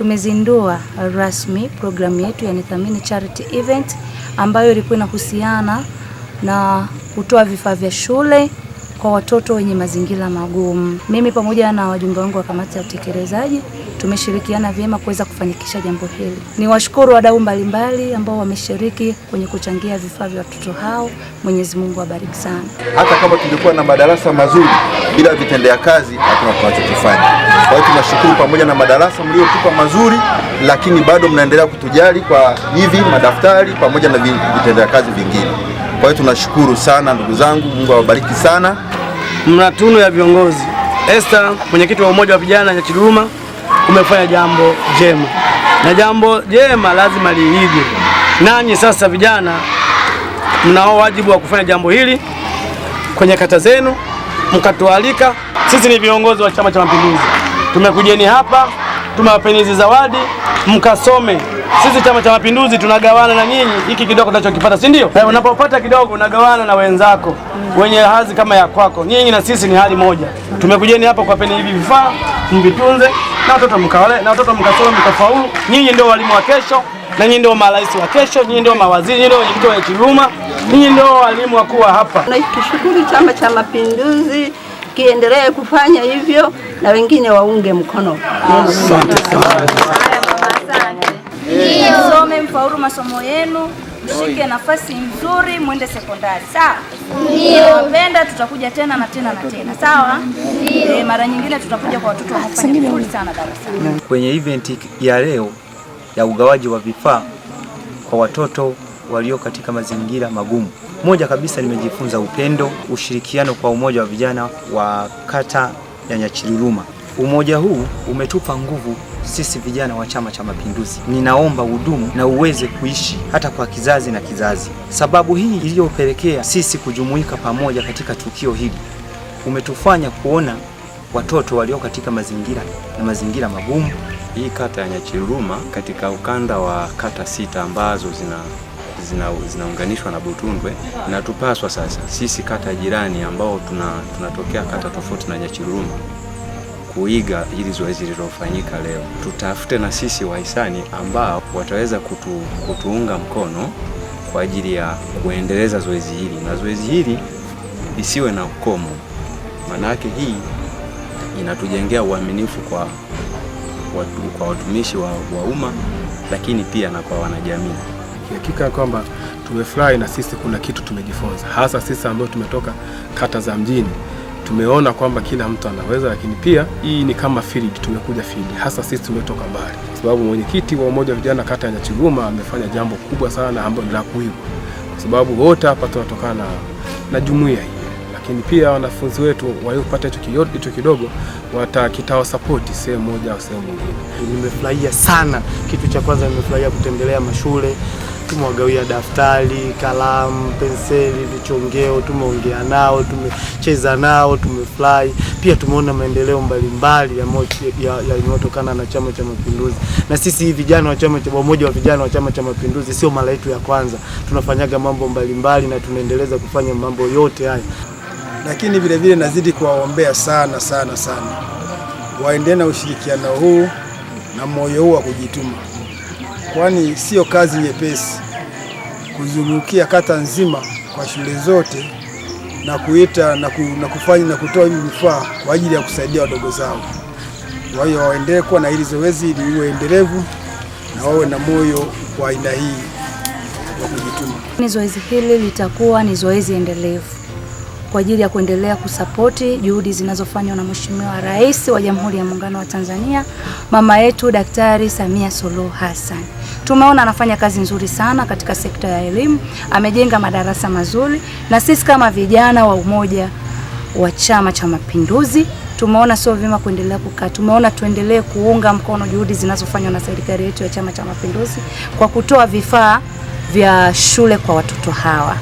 tumezindua rasmi programu yetu ya Nithamini Charity Event ambayo ilikuwa inahusiana na kutoa vifaa vya shule kwa watoto wenye mazingira magumu. Mimi pamoja na wajumbe wangu wa kamati ya utekelezaji tumeshirikiana vyema kuweza kufanikisha jambo hili. ni washukuru wadau mbalimbali ambao wameshiriki kwenye kuchangia vifaa vya watoto hao. Mwenyezi Mungu awabariki sana. Hata kama tulikuwa na madarasa mazuri bila vitendea kazi hakuna tunachokifanya. Kwa hiyo tunashukuru, pamoja na madarasa mliotupa mazuri, lakini bado mnaendelea kutujali kwa hivi madaftari pamoja na vitendea kazi vingine. Kwa hiyo tunashukuru sana ndugu zangu, Mungu awabariki sana. Mna ya viongozi. Esther, mwenyekiti wa umoja wa vijana Nyachiluma, umefanya jambo jema, na jambo jema lazima liigwe Nanyi sasa vijana mnao wajibu wa kufanya jambo hili kwenye kata zenu mkatualika. Sisi ni viongozi wa Chama cha Mapinduzi, tumekujeni hapa, tumewapeni zawadi mkasome. Sisi Chama cha Mapinduzi tunagawana na nyinyi hiki kidogo tunachokipata, si ndio? Eh, unapopata kidogo unagawana na wenzako wenye hadhi kama ya kwako. Nyinyi na sisi ni hali moja, tumekujeni hapa kwa peni hivi vifaa mvitunze, na watoto mkawale, na watoto mkasome, mkafaulu. Nyinyi ndio walimu wa kesho na nyinyi ndio marais wa kesho, nyinyi ndio mawaziri, nyinyi ndio wenyekiti wa Kiruma, nyinyi ndio walimu wakuwa hapa. Tunakishukuru Chama cha Mapinduzi kiendelee kufanya hivyo na wengine waunge mkono. Asante sana, msome mfaulu masomo yenu mshike nafasi nzuri, mwende sekondari. Sawa, tunapenda, tutakuja tena na tena na tena. Sawa, e, mara nyingine tutakuja kwa watoto wanaofanya vizuri sana darasani. Kwenye event ya leo ya ugawaji wa vifaa kwa watoto walio katika mazingira magumu. Moja kabisa, nimejifunza upendo, ushirikiano kwa umoja wa vijana wa kata ya nyachiruruma Umoja huu umetupa nguvu sisi vijana wa Chama cha Mapinduzi. Ninaomba udumu na uweze kuishi hata kwa kizazi na kizazi. Sababu hii iliyopelekea sisi kujumuika pamoja katika tukio hili umetufanya kuona watoto walio katika mazingira na mazingira magumu hii kata ya nyachiruruma katika ukanda wa kata sita ambazo zina zinaunganishwa zina na Butundwe inatupaswa sasa sisi kata jirani ambao tuna, tunatokea kata tofauti na nyachiruruma kuiga hili zoezi lililofanyika leo. Tutafute na sisi wahisani ambao wataweza kutu, kutuunga mkono kwa ajili ya kuendeleza zoezi hili na zoezi hili lisiwe na ukomo, maanake hii inatujengea uaminifu kwa watu, kwa watumishi wa, wa umma lakini pia na kwa wanajamii. Hakika kwamba tumefurahi na sisi kuna kitu tumejifunza, hasa sisi ambao tumetoka kata za mjini tumeona kwamba kila mtu anaweza, lakini pia hii ni kama field, tumekuja field hasa sisi tumetoka mbali, kwa sababu mwenyekiti wa umoja wa vijana kata ya Nyachiguma amefanya jambo kubwa sana ambalo la kuigwa, kwa sababu wote hapa tunatokana na, na jumuiya hii lakini pia wanafunzi wetu waliopata hicho kidogo watakitawasapoti sehemu moja au sehemu nyingine. Nimefurahia sana, kitu cha kwanza nimefurahia kutembelea mashule, tumewagawia daftari, kalamu, penseli, vichongeo, tumeongea nao, tumecheza nao, tumefurahi pia. Tumeona maendeleo mbalimbali yanayotokana ya, ya na Chama cha Mapinduzi, na sisi vijana wa chama cha umoja wa vijana wa Chama cha Mapinduzi sio mara yetu ya kwanza, tunafanyaga mambo mbalimbali mbali, na tunaendeleza kufanya mambo yote haya lakini vilevile nazidi kuwaombea sana sana sana, waendelee na ushirikiano huu na moyo huu wa kujituma, kwani sio kazi nyepesi kuzungukia kata nzima kwa shule zote na kuita na, ku, na kufanya na kutoa hivi vifaa kwa ajili ya kusaidia wadogo zao. Kwa hiyo waendelee kuwa na hili zoezi ili iwe endelevu na wawe na moyo wa aina hii wa kujituma. Zoezi hili litakuwa ni zoezi endelevu kwa ajili ya kuendelea kusapoti juhudi zinazofanywa na Mheshimiwa Rais wa Jamhuri ya Muungano wa Tanzania, mama yetu Daktari Samia Suluhu Hassan. Tumeona anafanya kazi nzuri sana katika sekta ya elimu, amejenga madarasa mazuri, na sisi kama vijana wa umoja wa Chama cha Mapinduzi tumeona sio vyema kuendelea kukaa. Tumeona tuendelee kuunga mkono juhudi zinazofanywa na serikali yetu ya Chama cha Mapinduzi kwa kutoa vifaa vya shule kwa watoto hawa.